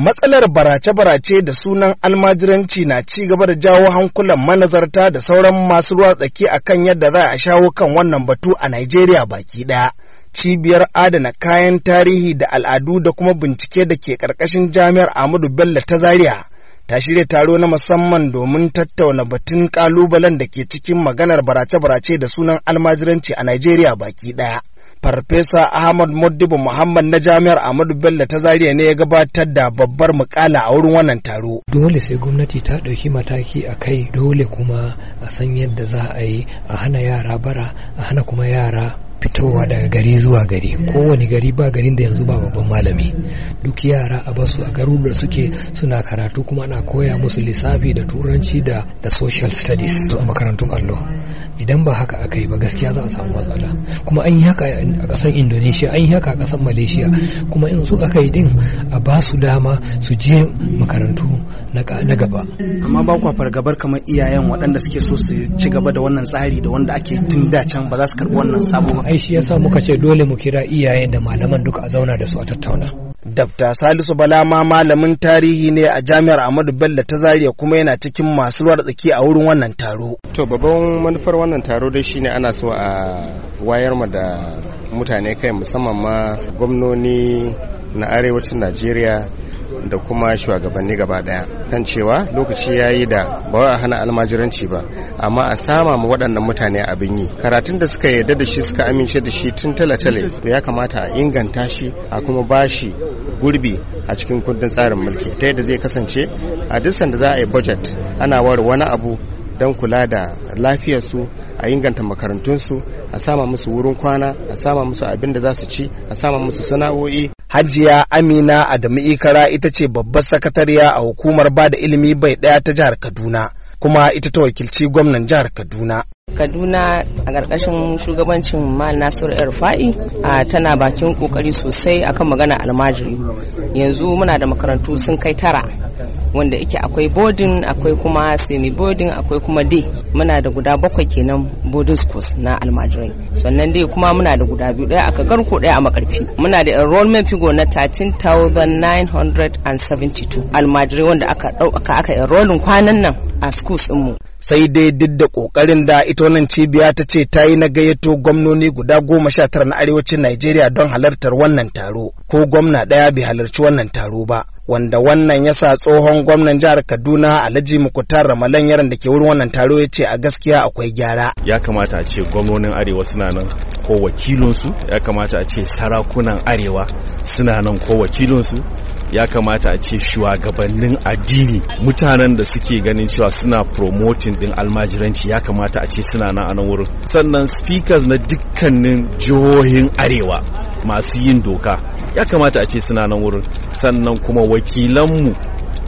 matsalar barace-barace da sunan almajiranci na ci gaba da jawo hankulan manazarta da sauran masu ruwa tsaki a kan yadda za a shawo kan wannan batu a Najeriya baki ɗaya. Cibiyar adana kayan tarihi da al'adu da kuma bincike da ke ƙarƙashin jami'ar Ahmadu Bello ta Zaria ta shirya taro na musamman domin tattauna batun ƙalubalen da ke cikin maganar barace-barace da sunan almajiranci a Najeriya baki ɗaya. Farfesa Ahmad Modibo Muhammad na Jami'ar Ahmadu Bello ta Zariya ne ya gabatar da babbar mukala a wurin wannan taro. Dole sai gwamnati ta ɗauki mataki a kai dole kuma a san yadda za a yi a hana yara bara a hana kuma yara fitowa daga gari zuwa gari kowane gari ba garin da yanzu ba babban malami duk yara a basu a garuruwa suke suna karatu kuma ana koya musu lissafi da turanci da da social studies a makarantun allo idan ba haka aka yi ba gaskiya za a samu matsala kuma an yi haka a kasar indonesia an yi haka a kasar malaysia kuma in su aka yi din a ba su dama su je makarantu na gaba amma ba kwa fargabar kamar iyayen waɗanda suke so su ci gaba da wannan tsari da wanda ake tun da can ba za su karɓi wannan sabon ai shi yasa muka ce dole mu kira iyayen da malaman duka a zauna da su a tattauna Dabta Salisu Bala ma malamin tarihi ne a Jami'ar Ahmadu Bello ta Zaria kuma yana cikin masu ruwa tsaki a wurin wannan taro. To babban manufar wannan taro dai shine ana so a wayar ma da mutane kai musamman ma gwamnoni na arewacin Najeriya da kuma shugabanni gaba daya kan cewa lokaci ya yi da ba a hana almajiranci ba amma a sama mu waɗannan mutane abin yi karatun da suka yarda da shi suka amince da shi tun tale-tale to ya kamata a inganta shi a kuma bashi gurbi a cikin kundin tsarin mulki ta yadda zai kasance a duk sanda za a yi budget ana ware wani abu don kula da lafiyarsu a inganta makarantunsu a sama musu wurin kwana a sama musu abin da za su ci a sama musu sana'o'i hajiya amina adamu ikara ita ce babbar sakatariya a hukumar ba da ilimi bai daya ta jihar kaduna kuma ita ta wakilci gwamnan jihar kaduna kaduna a ƙarƙashin shugabancin mal nasiru a tana bakin ƙoƙari sosai akan magana almajiri yanzu muna da makarantu sun kai tara wanda yake akwai boarding akwai kuma semi boarding akwai kuma day muna da guda bakwai kenan boarding schools na almajirai sannan dai kuma muna da guda biyu daya aka garko daya a makarfi muna da enrollment figo na 13972 almajirai wanda aka dauka aka enrolling kwanan nan a schools mu. sai dai duk da kokarin da ita wannan cibiya ta ce ta yi na gayyato gwamnoni guda goma sha tara na arewacin Najeriya don halartar wannan taro ko gwamna ɗaya bai halarci wannan taro ba wanda wannan ya sa tsohon gwamnan jihar kaduna alhaji mukutar ramalan yaran da ke wurin wannan taro ya ce a gaskiya akwai gyara ya kamata a ce gwamnonin arewa suna nan ko wakilinsu ya kamata a ce sarakunan arewa suna nan ko wakilinsu ya kamata a ce shugabannin addini mutanen da suke ganin cewa suna promoting din almajiranci ya kamata a ce suna nan a wurin sannan speakers na dukkanin jihohin arewa masu yin doka ya kamata a ce suna nan wurin sannan kuma wakilanmu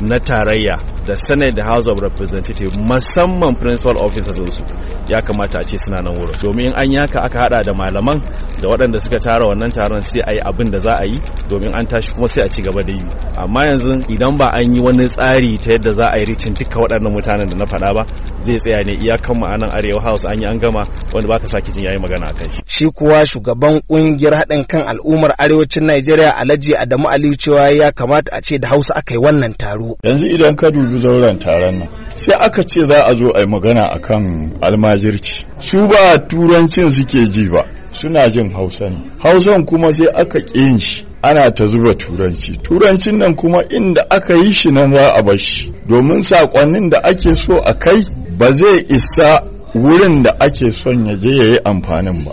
na tarayya da senate da house of representatives musamman principal officers su ya kamata a ce suna nan wurin domin an yaka aka hada da malaman da waɗanda suka tara wannan taron sai a yi abin da za a yi domin an tashi kuma sai a ci gaba da yi amma yanzu idan ba an yi wani tsari ta yadda za a yi ricin duka waɗannan mutanen da na faɗa ba zai tsaya ne iyakan ma'anan arewa house an yi an gama wanda ba ka sake jin yayi magana a kai. shi kuwa shugaban kungiyar haɗin kan al'ummar arewacin Najeriya Alhaji Adamu Aliyu cewa ya kamata a ce da Hausa aka yi wannan taro. Yanzu idan ka dubi zauren taron nan sai aka ce za a zo a yi magana akan almajirci. Su ba turancin suke ji ba suna jin Hausa ne. Hausan kuma sai aka ƙin shi. ana ta zuba turanci turancin nan kuma inda aka yi shi nan za a bar shi domin saƙonnin da ake so a kai ba zai isa wurin da ake son ya je ya yi amfanin ba